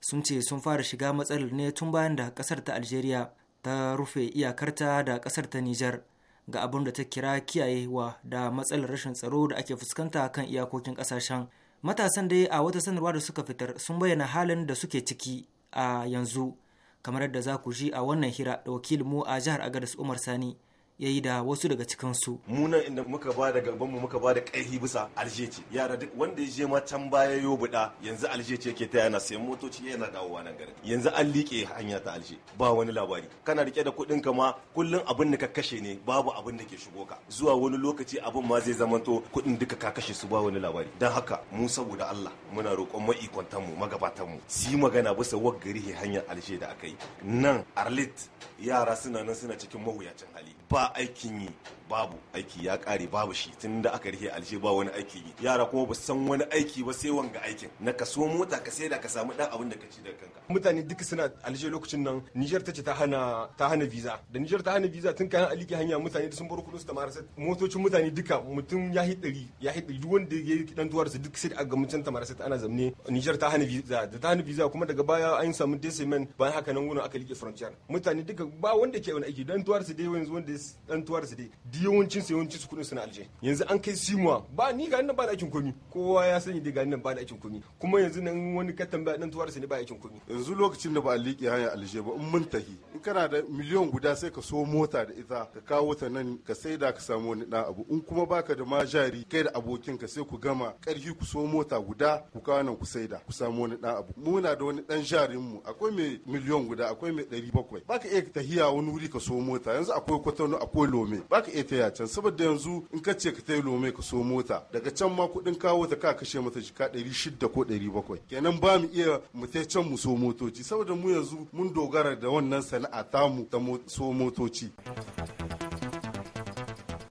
sun ce sun fara shiga matsalar ne tun bayan da kasar ta algeria ta rufe iyakarta da kasar ta nijar ga abin da ta kira kiyayewa da matsalar rashin tsaro da ake fuskanta kan iyakokin kasashen matasan dai a wata sanarwa da suka fitar sun bayyana halin da suke ciki a yanzu kamar yadda za ku ji a wannan hira da wakilinmu a jihar agadas umar sani ya yi da wasu daga cikinsu. Munan inda muka ba da mu muka ba da ƙarfi bisa aljeci yara duk wanda ya je ma can baya yau buɗa yanzu aljeci yake ta yana sayan motoci yana dawowa nan garin yanzu an liƙe hanya ta alje ba wani labari kana rike da kuɗin ka ma kullum abin da ka kashe ne babu abin da ke shigo ka zuwa wani lokaci abin ma zai zamanto kuɗin duka ka kashe su ba wani labari don haka mu saboda Allah muna roƙon ma'ikontan mu magabatan mu si magana bisa wagari hanyar alje da aka yi nan arlit yara suna nan suna cikin mawuyacin hali ba aikin yi babu aiki ya kare babu shi tun da aka rike alshe ba wani aiki yara kuma ba san wani aiki ba sai wanga aikin na ka so mota ka sai da ka samu dan abin da ka ci daga kanka mutane duk suna alshe lokacin nan Niger ce ta hana ta hana visa da Niger ta hana visa tun kayan aliki hanya mutane sun bar kudin su ta marasa motocin mutane duka mutum ya hi dari ya hi dari wanda ya yi dan tuwar su duk sai a ga mutum ta marasa ana zamne Niger ta hana visa da ta hana visa kuma daga baya an samu decimen bayan haka nan gurin aka rike frontier mutane duka ba wanda ke wani aiki dan tuwar su dai yanzu wanda dan tuwar su dai yawancin su yawancin su kudin su na alje yanzu an kai simuwa ba ni ga nan ba da aikin komi kowa ya sani da ga nan ba da aikin komi kuma yanzu nan wani ka tambaya dan tuwar ne ba aikin komi yanzu lokacin da ba a liƙe hanya alje ba in mun tahi in kana da miliyon guda sai ka so mota da ita ka kawo ta nan ka saida ka samu wani dan abu in kuma baka da ma jari kai da abokin ka sai ku gama karfi ku so mota guda ku kawo nan ku saida ku samu wani dan abu muna da wani dan jarin mu akwai mai miliyon guda akwai mai 700 baka iya tahiya wani wuri ka so mota yanzu akwai kwatano akwai lome baka iya ta can saboda yanzu in ka ce ka ta yi lome ka so mota daga can ma kuɗin kawo ta ka kashe mata jika ɗari shida ko ɗari bakwai kenan ba mu iya mu ta can mu so motoci saboda mu yanzu mun dogara da wannan sana'a tamu ta so motoci.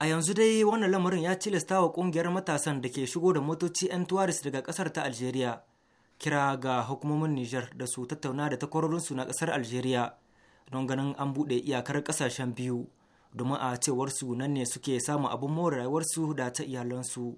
A yanzu dai wannan lamarin ya tilasta wa kungiyar matasan da ke shigo da motoci 'yan tuwaris daga kasar ta Algeria kira ga hukumomin niger da su tattauna da takwarorinsu na kasar Algeria don ganin an buɗe iyakar kasashen biyu. domin a cewarsu nan ne suke samun abin more rayuwarsu da ta iyalansu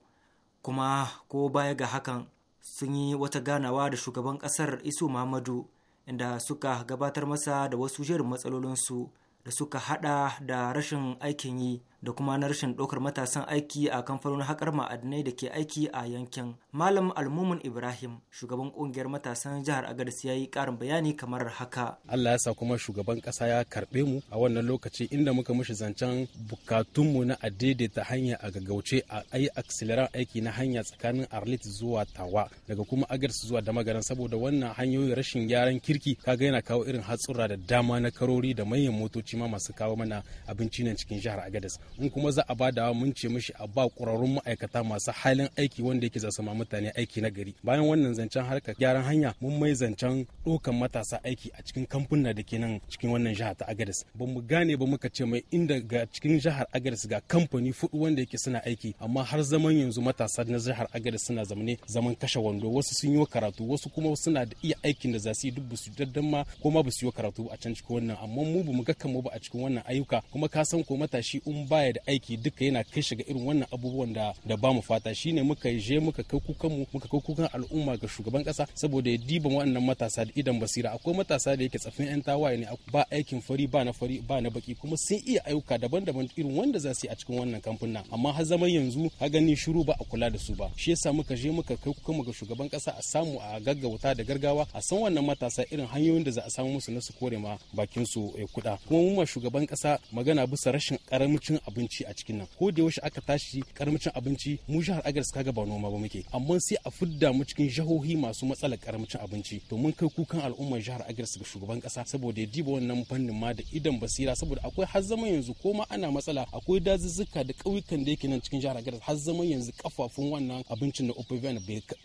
kuma ko baya ga hakan sun yi wata ganawa da shugaban kasar isu muhammadu inda suka gabatar masa da wasu jerin matsalolinsu da suka hada da rashin aikin yi da kuma na rashin ɗaukar matasan aiki a kamfanin haƙar ma'adinai da ke aiki a yankin. Malam Almumun Ibrahim, shugaban ƙungiyar matasan jihar Agadis ya yi ƙarin bayani kamar haka. Allah ya sa kuma shugaban ƙasa ya karɓe mu a wannan lokaci inda muka mushi zancen bukatunmu na a ta hanya a gaggauce a ayi aksilaran aiki na hanya tsakanin Arlit zuwa Tawa daga kuma Agadis zuwa Damagaran saboda wannan hanyoyin rashin gyaran kirki kaga yana kawo irin hatsura da dama na karori da manyan motoci ma masu kawo mana abinci nan cikin jihar Agadis. in kuma za a bada mun ce mishi a ba ƙwararrun ma'aikata masu halin aiki wanda yake za su ma mutane aiki na gari bayan wannan zancen harkar gyaran hanya mun mai zancen ɗaukan matasa aiki a cikin kamfuna da ke nan cikin wannan jihar ta agadis ba mu gane ba muka ce mai inda ga cikin jihar agadis ga kamfani fudu wanda yake suna aiki amma har zaman yanzu matasa na jihar agadis suna zamane zaman kashe wando wasu sun yi karatu wasu kuma suna da iya aikin da za su yi duk ba su daddan ma ko ma ba su yi karatu a can cikin wannan amma mu ba mu ga kanmu ba a cikin wannan ayyuka kuma ka san ko matashi in ba baya da aiki duka yana kai shiga irin wannan abubuwan da da bamu fata shine muka je muka kai kukan mu muka kai kukan al'umma ga shugaban kasa saboda ya diba wannan matasa da idan basira akwai matasa da yake tsafin yan tawaye ne ba aikin fari ba na fari ba na baki kuma sun iya ayyuka daban-daban irin wanda za su yi a cikin wannan kamfanin amma har zaman yanzu ha gani shiru ba a kula da su ba shi yasa muka je muka kai kukan mu ga shugaban kasa a samu a gaggauta da gargawa a san wannan matasa irin hanyoyin da za a samu musu na su kore ma bakin su eh, kuɗa kuma mu ma shugaban kasa magana bisa rashin karamcin abinci a cikin nan ko da yaushe aka tashi karamcin abinci mu jihar agadas kaga ba noma ba muke amma sai a fidda mu cikin jihohi masu matsalar karamcin abinci to mun kai kukan al'ummar jihar agadas ga shugaban kasa saboda ya diba wannan fannin ma da idan basira saboda akwai har zaman yanzu ko ma ana matsala akwai dazuzzuka da ƙauyukan da yake nan cikin jihar agadas har zaman yanzu kafafun wannan abincin na opvn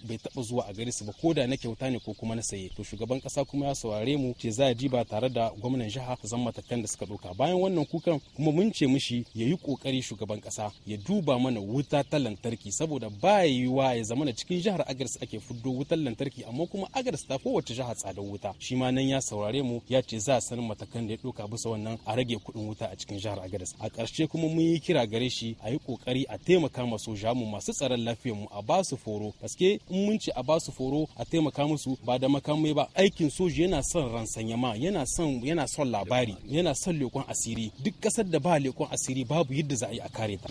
bai taba zuwa a gare su ba ko da na kyauta ne ko kuma na saye to shugaban kasa kuma ya saurare mu ce za a diba tare da gwamnan jiha zan matakan da suka ɗauka bayan wannan kukan kuma mun ce mishi ya yi kokari shugaban kasa ya duba mana wuta ta lantarki saboda ba yiwuwa ya zama cikin jihar agars ake fuddo wutar lantarki amma kuma agars ta kowace jihar tsadar wuta shi ma nan ya saurare mu ya ce za a sanin matakan da ya doka bisa wannan a rage kuɗin wuta a cikin jihar agars a ƙarshe kuma mun yi kira gare shi a yi kokari a taimaka ma sojamu masu tsaron lafiyar mu a ba su foro paske in mun ce a ba su foro a taimaka musu ba da makamai ba aikin soja yana son ransanyama yana son yana son labari yana son lekon asiri duk ƙasar da ba lekon asiri ba babu yadda za a yi a kare ta.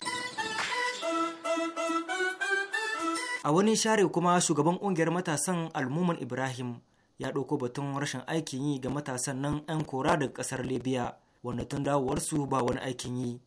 A wani share kuma shugaban ƙungiyar matasan Almuman Ibrahim ya ɗauko batun rashin aikin yi ga matasan nan 'yan kora daga ƙasar Libya wanda tun dawowarsu ba wani aikin yi.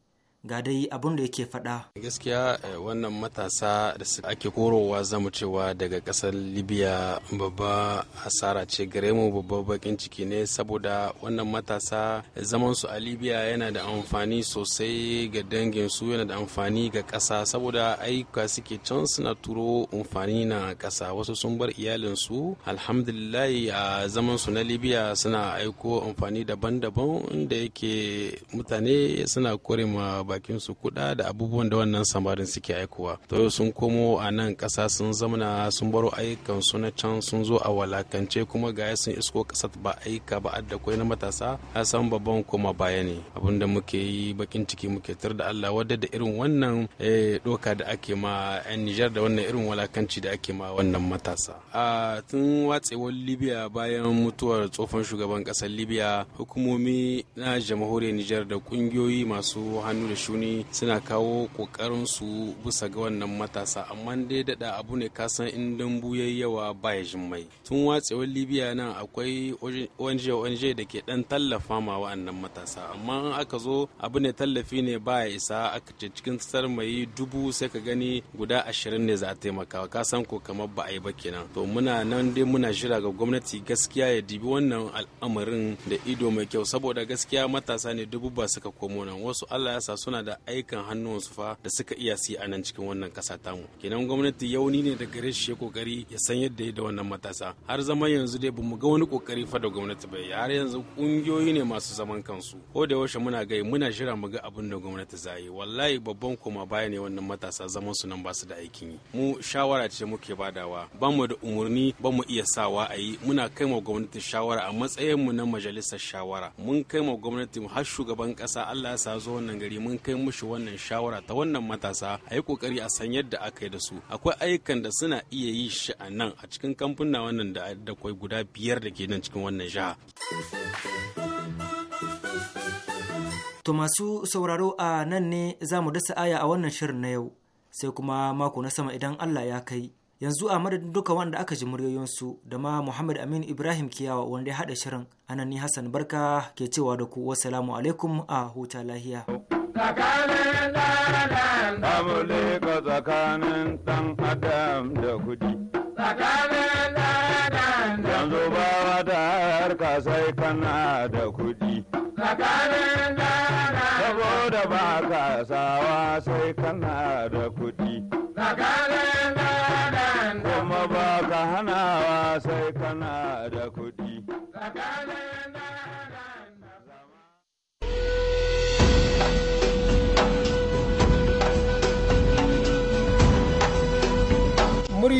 ga dai abin da yake faɗa. gaskiya eh, wannan matasa da ake korowa zamu cewa daga ƙasar libya babba asara ce gare mu babba bakin ciki ne saboda wannan matasa zaman su a libya yana da amfani sosai ga dangin su yana da amfani ga ƙasa saboda ayyuka suke can suna turo amfani na ƙasa wasu sun bar iyalin su alhamdulillahi a zaman su na libya suna aiko amfani daban-daban inda yake mutane suna kore ma bakin su kuɗa da abubuwan da wannan samarin suke aikowa to sun komo a nan kasa sun zamana sun baro ayyukan su na can sun zo a walakance kuma ga sun isko kasa ba ayyuka ba adda kwai na matasa a san babban koma baya ne abin da muke yi bakin ciki muke tar da Allah wadda da irin wannan eh, doka da ake ma 'yan Nijar da wannan irin walakanci da ake ma wannan matasa a tun watsewar Libya bayan mutuwar tsofan shugaban ƙasar Libya hukumomi na jamhuriyar Nijar da ƙungiyoyi masu hannu da shuni suna kawo kokarin su bisa ga wannan matasa amma dai dada abu ne kasan in dambu ya yawa ba ya jin mai tun watsewar libya nan akwai ONG ONG da ke dan tallafa ma wa'annan matasa amma in aka zo abu ne tallafi ne ba ya isa aka ce cikin tsar mai dubu sai ka gani guda ashirin ne za a taimaka ka san ko kamar ba a yi ba kenan to muna nan dai muna jira ga gwamnati gaskiya ya dibi wannan al'amarin da ido mai kyau saboda gaskiya matasa ne dubu ba suka komo nan wasu Allah ya sa suna da aikan su fa da suka iya su a nan cikin wannan kasa tamu kenan gwamnati yauni ne da gare shi ya kokari ya san yadda ya da wannan matasa har zama yanzu dai bamu ga wani kokari fa da gwamnati bai har yanzu kungiyoyi ne masu zaman kansu ko da yaushe muna gai muna jira mu ga abin da gwamnati za yi wallahi babban koma baya ne wannan matasa zaman su nan ba su da aikin yi mu shawara ce muke badawa ba mu da umurni ba mu iya sawa a yi muna kai ma gwamnati shawara a matsayin mu na majalisar shawara mun kai ma gwamnati har shugaban kasa Allah ya sa zo wannan gari mun kai mushi wannan shawara ta wannan matasa a yi kokari a san yadda aka yi da su akwai ayyukan da suna iya yi shi a nan a cikin kamfuna wannan da da kwai guda biyar da ke nan cikin wannan jiha. To masu sauraro a nan ne za mu dasa aya a wannan shirin na yau sai kuma mako na sama idan Allah ya kai. yanzu a madadin duka wanda aka ji muryoyinsu da ma Muhammad Aminu Ibrahim Kiyawa wanda ya haɗa shirin anan Hassan Barka ke cewa da ku wasalamu alaikum a huta lahiya. Tsakanin ɗan Amurka tsakanin ɗan adam da kudi Tsakanin ɗan Yanzu ba wata harka sai kana da kuɗi. Tsakanin Saboda ba ka sawa sai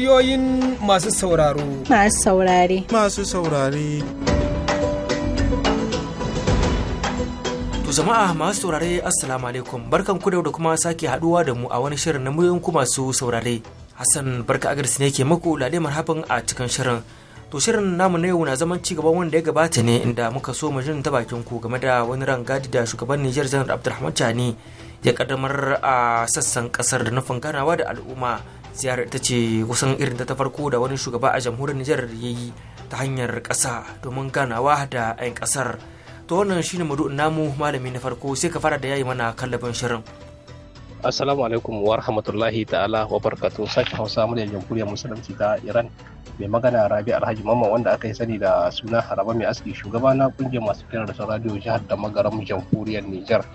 Muryoyin masu sauraro. Masu saurare. Masu saurare. To jama'a masu saurare Assalamu alaikum barkan ku da kuma sake haduwa da mu a wani shirin na muryoyin ku masu saurare. Hassan barka agarsi ne ke muku lale marhaban a cikin shirin. To shirin namu na yau na zaman ci gaban wanda ya gabata ne inda muka so mu jin ta bakin ku game da wani ran gadi da shugaban Nijar Janar Abdulrahman Tani ya kaddamar a sassan kasar da nufin ganawa da al'umma ziyarar ita ce kusan irin ta farko da wani shugaba a jamhuriyar nijar ya yi ta hanyar ƙasa domin ganawa da 'yan kasar to wannan shine madu'in namu malami na farko sai ka fara da yayi mana kallabin shirin Assalamu alaikum wa rahmatullahi ta'ala wa barkatu sake hausa da jamhuriyar musulunci ta Iran. mai magana rabi alhaji mamman wanda aka yi sani da suna haraba mai aski shugaba na kungiyar masu kiran da radio jihar da magaram jamhuriyar nijar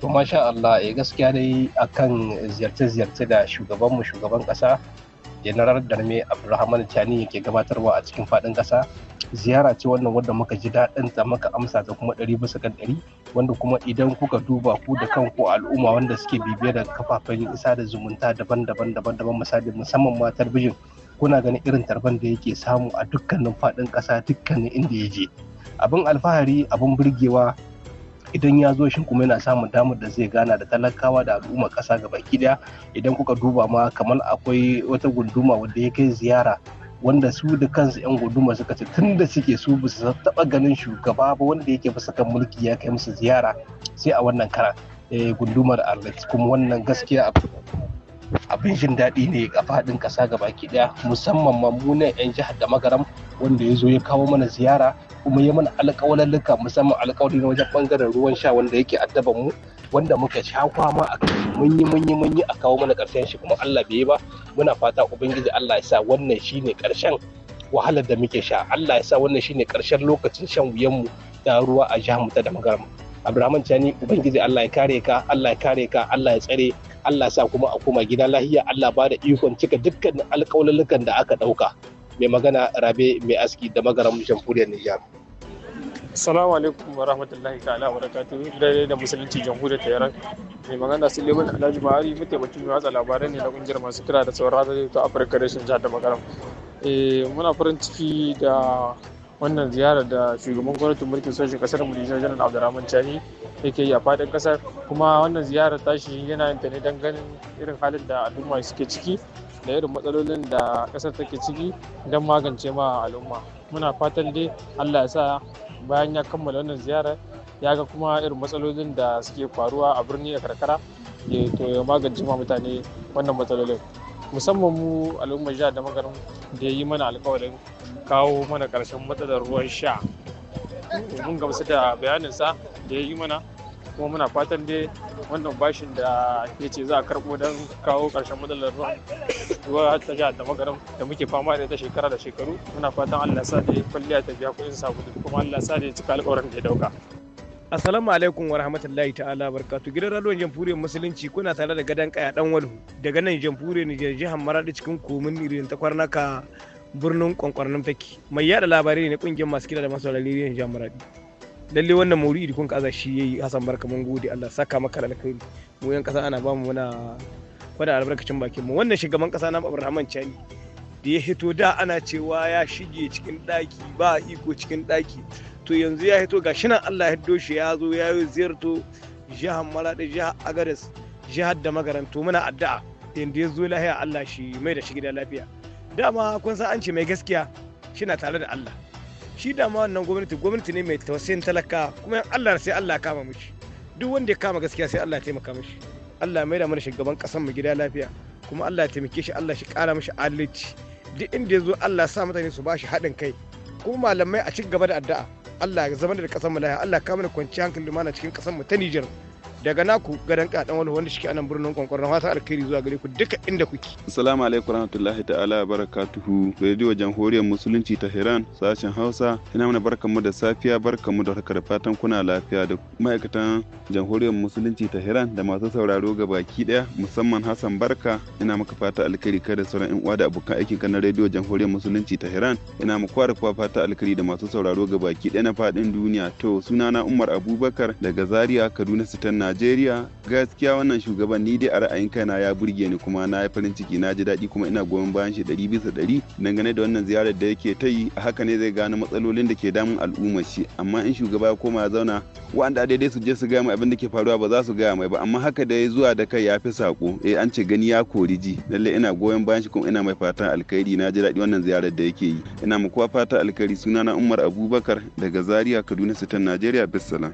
to masha allah ya eh, gaskiya dai akan ziyarce-ziyarce da shugabanmu shugaban kasa general darme abdulrahman Tani yake gabatarwa a cikin fadin kasa ziyara ce wannan wanda muka ji daɗin ta muka amsa ta kuma ɗari bisa kan ɗari wanda kuma idan kuka duba ku da kanku al'umma wanda suke bibiye da kafafen isa da zumunta daban-daban daban-daban misali musamman ma talbijin kuna ganin irin tarban da yake samu a dukkanin faɗin ƙasa dukkanin inda ya je abin alfahari abin burgewa idan ya zo shi kuma yana samun damar da zai gana da talakawa da al'umma ƙasa gaba daya idan kuka duba ma kamar akwai wata gunduma wadda ya kai ziyara wanda su da kansu 'yan gunduma suka ce tun da suke su ba su taɓa ganin shugaba ba wanda yake bisa kan mulki ya kai musu ziyara sai a wannan kara eh, gundumar alex kuma wannan gaskiya a abin jin daɗi ne a faɗin ƙasa gabaki ɗaya musamman mamunan 'yan jihar da magaram wanda ya zo ya kawo mana ziyara kuma ya mana alƙawalalluka musamman alƙawari na wajen ɓangaren ruwan sha wanda yake addaban mu wanda muka sha kwama a mun yi mun yi a kawo mana ƙarshen shi kuma Allah bai yi ba muna fata ubangiji Allah ya sa wannan shine ƙarshen wahalar da muke sha Allah ya sa wannan shine ƙarshen lokacin shan wuyan mu da ruwa a jihar mu ta da magaram abdulrahman cani ubangiji allah ya kare ka allah ya kare ka allah ya tsare allah sa kuma a koma gida lahiya allah ba da ikon cika dukkan alƙawallukan da aka ɗauka mai magana rabe mai aski da magaran jamhuriyar nijar salamu alaikum wa rahmatullahi ta'ala wa barakatuhu daidai da musulunci jamhuriyar Tehran. Mai magana su Suleiman Alhaji Buhari mataimakin watsa labarai ne na kungiyar masu kira da sauran radio ta Afirka Reshen Jihar da Magaram. Eh, muna farin ciki da wannan ziyarar da shugaban gwamnatin mulkin sojin kasar mu Nijar Janar Abdurrahman Chani yake yi a fadin kasar kuma wannan ziyarar tashi yana yin ta ne don ganin irin halin da al'umma suke ciki da irin matsalolin da kasar take ciki don magance ma al'umma muna fatan dai Allah ya sa bayan ya kammala wannan ziyarar ya ga kuma irin matsalolin da suke faruwa a birni a karkara ya to ya magance ma mutane wannan matsalolin musamman mu al'ummar jihar da magarin da ya yi mana alkawarin kawo mana karshen matsalar ruwan sha mun gamsu da bayaninsa da ya yi mana kuma muna fatan dai wannan bashin da ya ce za a karɓo don kawo ƙarshen matsalar ruwan ruwa ta jihar da da muke fama da ita shekara da shekaru muna fatan allah sa da kwalliya ta biya kuɗin sabulu kuma allah sa da ya cika alƙawarin da ya dauka Assalamu alaikum wa rahmatullahi ta'ala barkatu gidan radon jamhuriyar musulunci kuna tare da gadan kaya dan walhu daga nan jamhuriyar Nijar jihar Maradi cikin komin irin ta kwarnaka birnin kwankwarnin faki mai yada labarai ne kungiyar masu kira da masu rarriyar jihar Maradi lalle wannan mauridi kun kaza shi yayi Hassan barka mun gode Allah saka maka alkhairi mu yan kasa ana ba mu muna kwada albarkacin bakin mu wannan shugaban kasa na Abraham Chani da ya hito da ana cewa ya shige cikin daki ba iko cikin daki to yanzu ya hito ga shinan Allah ya hiddo shi ya zo ya yi ziyarto jihar Maladi jihar Agares jihar da magaranto muna addu'a inda ya zo lahiya Allah shi mai da shi gida lafiya dama kun san an ce mai gaskiya shina tare da Allah shi dama wannan gwamnati gwamnati ne mai tausayin talaka kuma Allah sai Allah ya kama mishi duk wanda ya kama gaskiya sai Allah ya taimaka mishi Allah mai da mana shugaban kasan mu gida lafiya kuma Allah ya taimake shi Allah shi kara mishi adalci duk inda ya zo Allah ya sa mutane su ba shi haɗin kai kuma malamai a ci gaba da addu'a Allah ya zama da kasar mu lahiya Allah ka mana kwanciyar hankali lumana cikin kasar mu ta Niger daga naku gadan kaɗan wani wanda shi anan birnin na fasa alkhairi zuwa gare ku duka inda kuke. Assalamu alaikum warahmatullahi ta'ala barakatuhu radio jamhuriyar musulunci ta Iran sashen Hausa ina mana mu da safiya mu da harkar fatan kuna lafiya da ma'aikatan jamhuriyar musulunci ta Iran da masu sauraro ga baki daya musamman Hassan Barka ina maka fata alkhairi kada da sauran yan uwa da abokan aikin kan radio jamhuriyar musulunci ta Iran ina muku kuwa fata alkhairi da masu sauraro ga baki daya na fadin duniya to sunana Umar Abubakar daga Zaria Kaduna Sitan Najeriya gaskiya wannan shugaban ni dai a ra'ayin kaina ya burge ni kuma na yi farin ciki na ji daɗi kuma ina goyon bayan shi ɗari bisa ɗari dangane da wannan ziyarar da yake ta yi a haka ne zai gano matsalolin da ke damun al'umma shi amma in shugaba ya koma ya zauna wanda daidai su je su gaya mai abin da ke faruwa ba za su gaya mai ba amma haka da ya zuwa da kai ya fi saƙo eh an ce gani ya kori ji lallai ina goyon bayan shi kuma ina mai fata alkhairi na ji daɗi wannan ziyarar da yake yi ina mu kuwa fata alkhairi sunana Umar Abubakar daga Zaria Kaduna Sitan Najeriya Bissalam.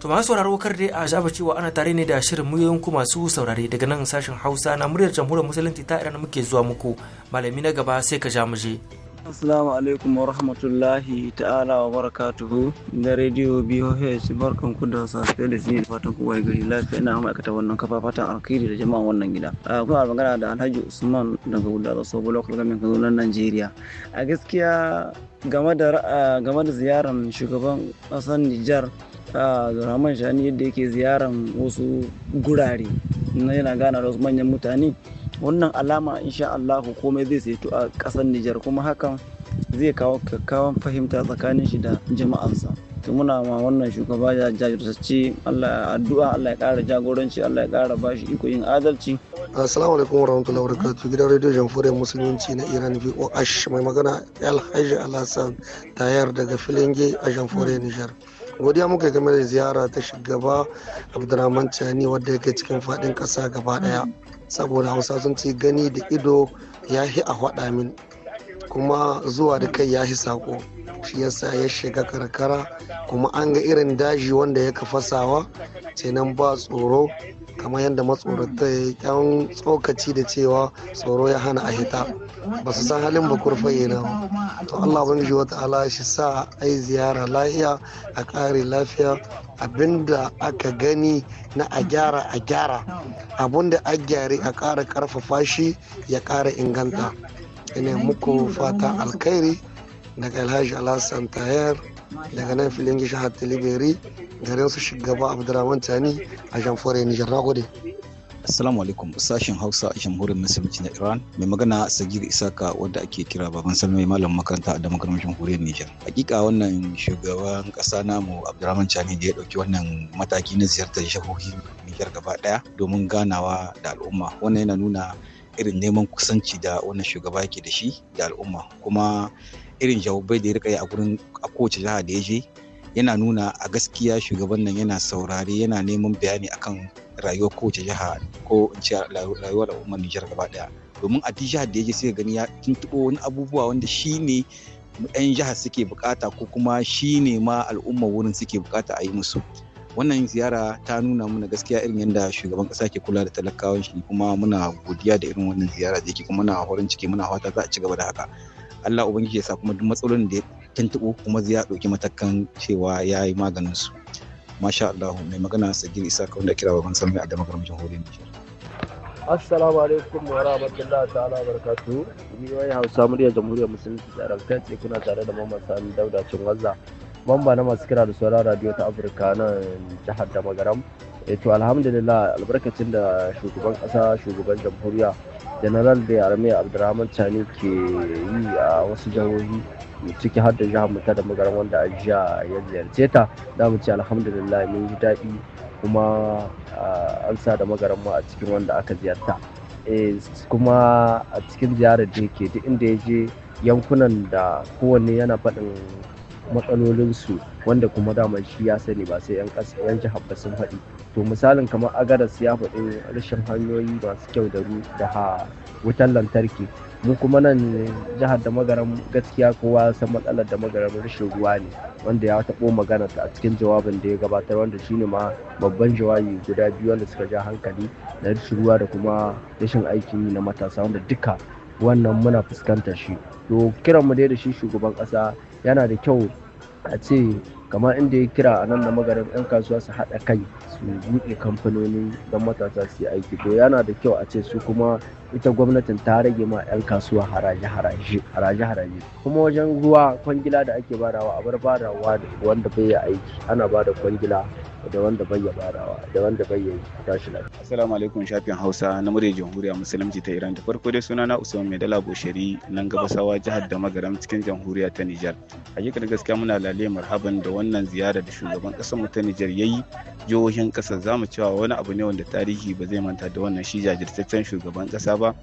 To masu sauraro kar dai a shafa cewa ana tare ne da shirin muyoyin ku masu saurare daga nan sashen Hausa na muryar jamhuriyar musulunci ta Iran muke zuwa muku. Malami na gaba sai ka ja mu je. Assalamu alaikum wa rahmatullahi ta'ala wa barakatuhu da rediyo BOH barkan ku da safe da shi fatan ku wai gari lafiya ina ma'aikata wannan kafa fatan alkhairi da jama'an wannan gida. A kuna magana da Alhaji Usman daga Uda da sabo Local Government Kaduna Najeriya. A gaskiya game da game da ziyarar shugaban kasar Nijar Abdulrahman Shani yadda yake ziyaran wasu gurare na yana gana da wasu manyan mutane wannan alama insha Allah komai zai saito a ƙasar Nijar kuma hakan zai kawo kakkawan fahimta tsakanin shi da jama'ansa. to muna ma wannan shugaba ya jajirtacce Allah addu'a Allah ya ƙara jagoranci Allah ya ƙara bashi iko yin adalci assalamu alaikum warahmatullahi wabarakatuh gidan rediyo jamhuriyar musulunci na Iran VOH mai magana Alhaji Alhassan tayar daga Filinge a jamhuriyar Nijar godiya muka game da ziyara ta shugaba abdurrahman tani wadda yake cikin fadin kasa gaba daya saboda hausa sun ci gani da ido ya yi a hada min kuma zuwa da kai ya yi saƙo shi yasa ya shiga karkara kuma an ga irin daji wanda ya kafasawa nan ba tsoro kamar yadda matsorata ya kyan tsokaci da cewa tsoro ya hana a hita ba su san halin bakur fayyana ba to allah ubangiji wata ala shi sa yi ziyara lafiya a kare lafiya abinda aka gani na a gyara a gyara abinda a gyari a kara karfafa shi ya kara inganta ina muku fata alkhairi daga alhaji alhassan tayar daga nan filin gishahar Tiliberi. garin su shugaba abdurrahman tani a jamfore nijar gode Assalamu alaikum sashen Hausa a jamhuriyar Musulunci na Iran mai magana Sagir Isaka wadda ake kira baban Salmai malam makaranta da Garmashin jamhuriyar Nijar. Hakika wannan shugaban kasa namu Abdurrahman Chani da ya dauki wannan mataki na ziyartar jihohin Nijar gaba daya domin ganawa da al'umma. Wannan yana nuna irin neman kusanci da wannan shugaba yake da shi da al'umma kuma irin jawabai da ya rika yi a gurin a kowace jiha da ya je yana nuna a gaskiya shugaban nan yana saurari yana neman bayani akan rayuwar kowace jiha ko in ce rayuwar al'ummar Nijar gaba daya domin a jihar da ya yake sai gani ya tuntuɓo wani abubuwa wanda shi 'yan jihar suke bukata ko kuma shi ma al'umma wurin suke bukata a yi musu wannan ziyara ta nuna mana gaskiya irin yadda shugaban kasa ke kula da talakawan shi kuma muna godiya da irin wannan ziyara da yake kuma muna horon ciki muna fata za a ci gaba da haka Allah ubangiji ya sa kuma duk matsalolin da Tuntuɓu kuma zai ya ɗauki matakan cewa ya yi maganin su masha Allah mai magana sagir isa kawai da kira babban sami a damar jamhuriyar Nijar. assalamu alaikum wa rahmatullahi ta'ala wa barakatu biyoyi hausa muryar jamhuriyar musulunci ran kai kuna tare da mamman sami dauda cin wazza na masu kira da sauran radio ta afirka nan jihar da magaram eh, to alhamdulillah albarkacin da shugaban kasa shugaban jamhuriya general da armiya Abdulrahman chani ke yi a wasu jihohi ciki har da jihar mutar da magaran wanda a jiya ya ziyarce ta za mu ce alhamdulillah mun ji daɗi kuma an sa da magaran mu a cikin wanda aka ziyarta eh, kuma a cikin ziyarar da yake duk inda ya je yankunan da kowanne yana faɗin matsalolinsu wanda kuma dama shi ya sani ba sai 'yan jihar ba sun faɗi to misalin kamar agaras ya faɗi rashin hanyoyi masu kyau da wutar lantarki mu kuma nan jihar da magaran gaskiya kowa ya san matsalar da magaran rashin ruwa ne wanda ya taɓo magana a cikin jawabin da ya gabatar wanda shine ma babban jawabi guda biyu wanda suka ja hankali na rashin ruwa da kuma rashin aikin yi na matasa wanda duka wannan muna fuskantar shi to kiran mu dai da shi shugaban ƙasa yana da kyau a ce kamar inda ya kira a nan da magarin 'yan kasuwa su haɗa kai su buɗe kamfanoni don matasa su yi aiki to yana da kyau a ce su kuma ita gwamnatin ta rage ma 'yan kasuwa haraje-haraje kuma wajen ruwa kwangila da ake badawa a bar badawa wanda bai yi aiki ana bada kwangila da wanda bai ya barawa da wanda bai ya tashi lafiya. Assalamu alaikum shafin Hausa na murya Jamhuriyar Musulunci ta Iran da farko dai sunana Usman Maidala Bosheri nan gabasawa jihar da magaram cikin Jamhuriya ta Nijar. Hakikar gaskiya muna lale marhaban da wannan ziyara da shugaban kasar mu ta Nijar yayi jihohin kasar zamu cewa wani abu ne wanda tarihi ba zai manta da wannan shi jajirtaccen shugaban kasa ba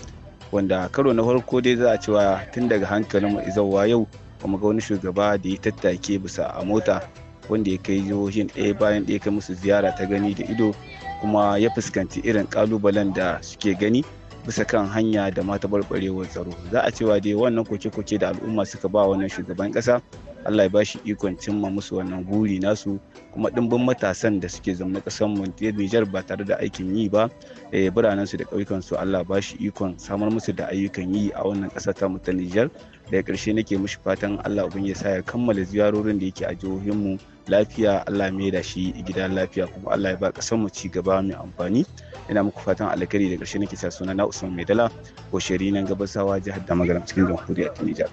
wanda karo na farko dai za a cewa tun daga hankalin mu izawa yau kuma ga wani shugaba da ya tattake bisa a mota wanda ya kai jihohin ɗaya bayan ɗaya kai musu ziyara ta gani da ido kuma ya fuskanci irin kalubalen da suke gani bisa kan hanya da mata barbarewar tsaro za a cewa dai wannan koke-koke da al'umma suka ba wannan shugaban kasa? allah ya bashi ikon cimma musu wannan buri nasu kuma ɗimbin matasan da suke zama ƙasar mu nijar ba tare da aikin yi ba eh, biranen su da ƙauyukan su allah bashi ikon samar musu da ayyukan yi a wannan kasa ta mu ta nijar daga ƙarshe nake mushi fatan allah ubin ya sa ya kammala ziyarorin da yake a jihohin mu lafiya Allah mai da shi gida lafiya kuma Allah ya ba kasan mu ci gaba mai amfani ina muku fatan alkhairi da ƙarshe nake sa suna na Usman Maidala ko shari nan gabasawa jihar Damagaram cikin jamhuriyar Nijar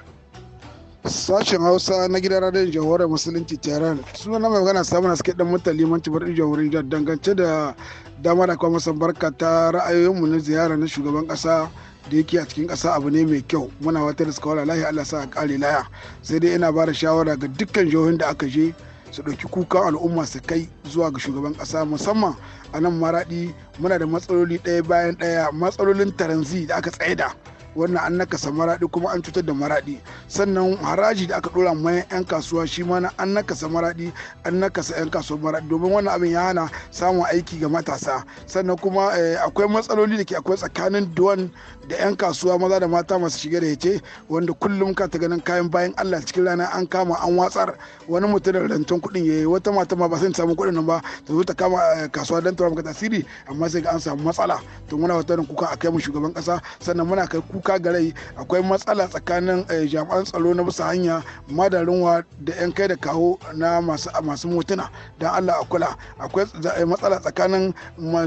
sashen hausa na gidan radiyon jawarar musulunci tehran suna na magana samun haske dan mutan limanci barin jawarin jihar dangance da dama da kuma barka ta ra'ayoyinmu na ziyara na shugaban kasa da yake a cikin ƙasa abu ne mai kyau muna wata da suka wala lahi allah sa a kare laya sai dai ina ba da shawara ga dukkan jihohin da aka je su ɗauki kukan al'umma su kai zuwa ga shugaban ƙasa musamman a nan maraɗi muna da matsaloli ɗaya bayan ɗaya matsalolin taranzi da aka tsaida wannan an nakasa maraɗi kuma an cutar da maraɗi sannan haraji da aka ɗora ma 'yan kasuwa shi ma na an nakasa maraɗi an nakasa 'yan kasuwa maraɗi domin wannan abin ya hana samun aiki ga matasa sannan kuma eh, akwai matsaloli da ke akwai tsakanin duwan da 'yan kasuwa maza da mata masu shiga da yace wanda kullum ka ta ganin kayan bayan Allah cikin rana an kama an watsar wani mutum da rantun kuɗin ya yi wata mata ma ba sai ta samu kuɗin nan ba ta zo ta kama eh, kasuwa don ta maka tasiri amma sai ga an samu matsala to muna wata kuka a kai mu shugaban kasa sannan muna kai ku kuka ga rai akwai matsala tsakanin eh, jami'an tsaro na bisa hanya madarinwa da 'yan kai da kawo na masu motuna don allah a kula akwai eh, matsala tsakanin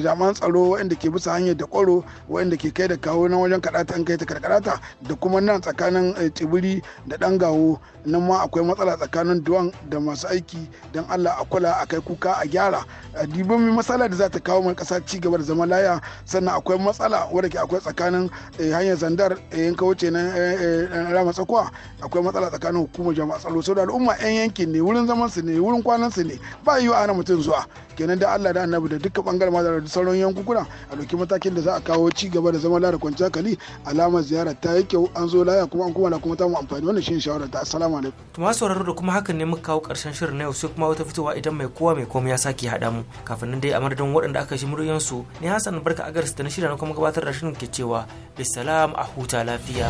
jami'an tsaro waɗanda ke bisa hanya da kwaro waɗanda ke kai da kawo na wajen kadata an kai ta karkarata da kuma nan tsakanin eh, tsibiri da dan gawo nan ma akwai matsala tsakanin duwan da masu aiki don allah a kula a kai kuka a gyara dibin matsala da za ta kawo mai kasa ci gaba da zama laya sannan akwai matsala wadda ke akwai tsakanin hanyar zandar jihar yanka wuce eh, eh, na rama tsakuwa akwai matsala tsakanin hukumar jama'a tsaro da al'umma 'yan yankin ne wurin zaman su ne wurin kwanan su ne ba yiwu ana mutum zuwa kenan da Allah da annabi da dukkan bangaren ma da sauran yankuna a dauki matakin da za a kawo ci gaba da zama lada kwanciya kali alamar ziyara ta yi kyau an zo laya kuma an kuma da kuma ta mu amfani wannan shin shawara ta assalamu alaikum. to ma sauraro da kuma hakan ne muka kawo karshen shirin na yau sai kuma wata fitowa idan mai kowa mai komai ya saki hada mu kafin nan dai a madadin waɗanda aka shi muryoyin su ne Hassan barka agarsu da na shirya na kuma gabatar da shirin ke cewa bisalam a huta lafiya.